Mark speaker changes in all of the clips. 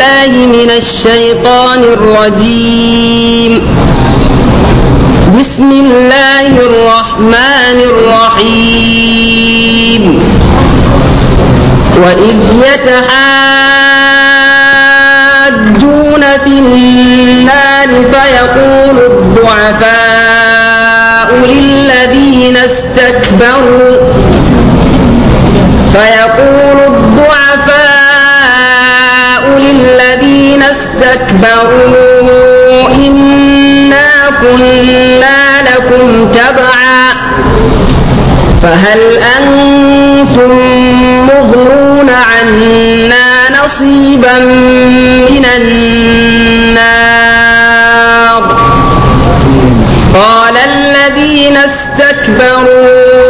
Speaker 1: بالله من الشيطان الرجيم بسم الله الرحمن الرحيم وإذ يتحاجون في النار فيقول الضعفاء للذين استكبروا فيقول الضعفاء فاستكبروا إنا كنا لكم تبعا فهل أنتم مغنون عنا نصيبا من النار قال الذين استكبروا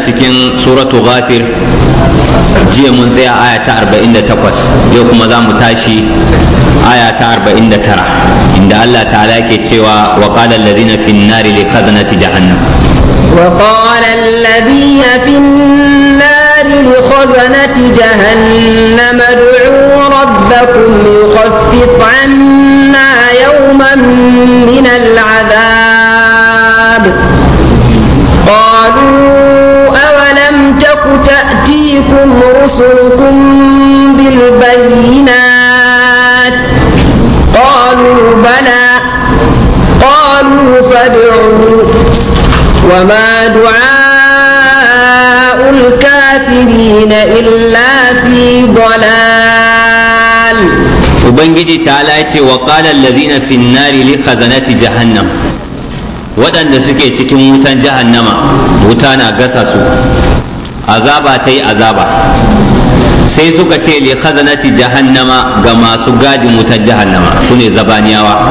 Speaker 2: cikin suratu ghafir jiya mun tsaya aya ta 48 yau kuma za mu tashi aya ta 49 inda Allah ta'ala ke cewa wa qala alladhina fin nari li qadnati
Speaker 1: jahannam wa qala alladhina fin nari li khazanati jahannam ad'u rabbakum yukhaffif 'anna yawman min al الكافرين إلا في ضلال
Speaker 2: وبنجي تعالى وقال الذين في النار لخزنة جهنم waɗanda suke cikin wutan jahannama wuta na gasa su azaba ta yi azaba sai suka ce li khazanati jahannama ga masu gadin wutan jahannama su ne zabaniyawa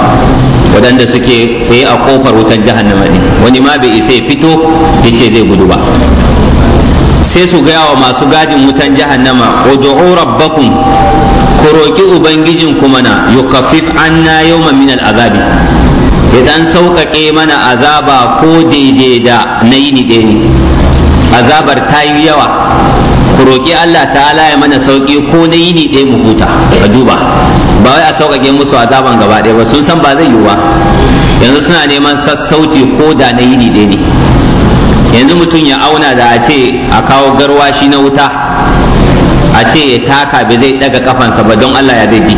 Speaker 2: waɗanda suke tsaye a kofar wutan jahannama ne wani ma bai isa ya fito ya ce zai gudu ba sai su gaya wa masu gadin wutan jahannama ud'u rabbakum ku roki ubangijin kuma na, yukaffif anna yawman min al'azabi Idan sauƙaƙe mana azaba ko daidai da na yi ni ɗaya ne azabar ta yi yawa ku roƙi Allah ta ya mana sauƙi ko na yi ni ɗaya mu huta a duba ba wai a sauƙaƙe musu azaban gaba ɗaya ba sun san ba zai yiwu ba yanzu suna neman sassauci ko da na yi ni ɗaya ne yanzu mutum ya auna da a ce a kawo garwashi na wuta a ce ya taka bai zai daga kafansa ba don Allah ya zai ji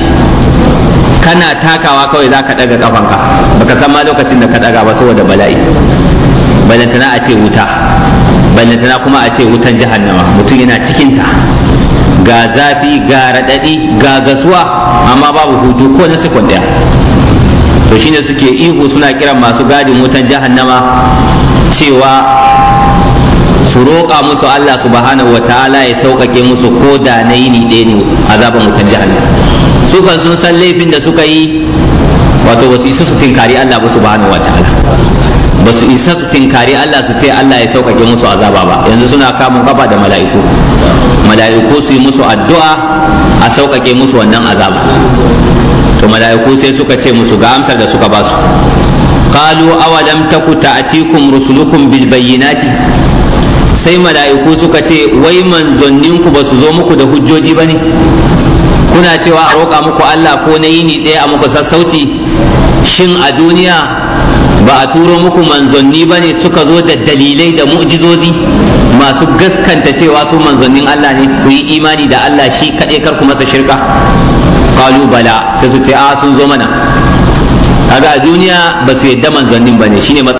Speaker 2: kana takawa kawai za ka daga kafanka baka san ma lokacin da ka daga ba saboda bala'i balantana a ce wuta balantana kuma a ce wutan jahannama mutum yana cikinta ga zafi ga raɗaɗi ga gasuwa amma babu hutu ko na sekon ɗaya to shine suke iko suna kiran masu gadin wutan jahannama cewa su roƙa musu Allah subhanahu wa ta'ala ya sauƙaƙe musu ko da na yini ɗaya ne azaban wutan jahannama su kan sun san laifin da suka yi wato ba su isa su tinkari Allah ba subhanahu wa ta'ala ba su isa su tinkari Allah su ce Allah ya sauƙaƙe musu azaba ba yanzu suna kamun kafa da mala'iku mala'iku su yi musu addu'a a sauƙaƙe musu wannan azaba to mala'iku sai suka ce musu ga amsar da suka basu qalu lam taku ta'tikum rusulukum bil bayyinati sai mala'iku suka ce wai manzonninku ba su zo muku da hujjoji ba kuna cewa a roƙa muku Allah ko na yini ɗaya a muku sassauci shin a duniya ba a turo muku manzanni ba ne suka zo da dalilai da mu'jizozi masu gaskanta cewa su manzannin Allah ne ku yi imani da Allah shi kaɗai kar ku masa shirka qalu bala sai su ta a sun zo mana kaga a duniya ba su yadda manzannin bane shine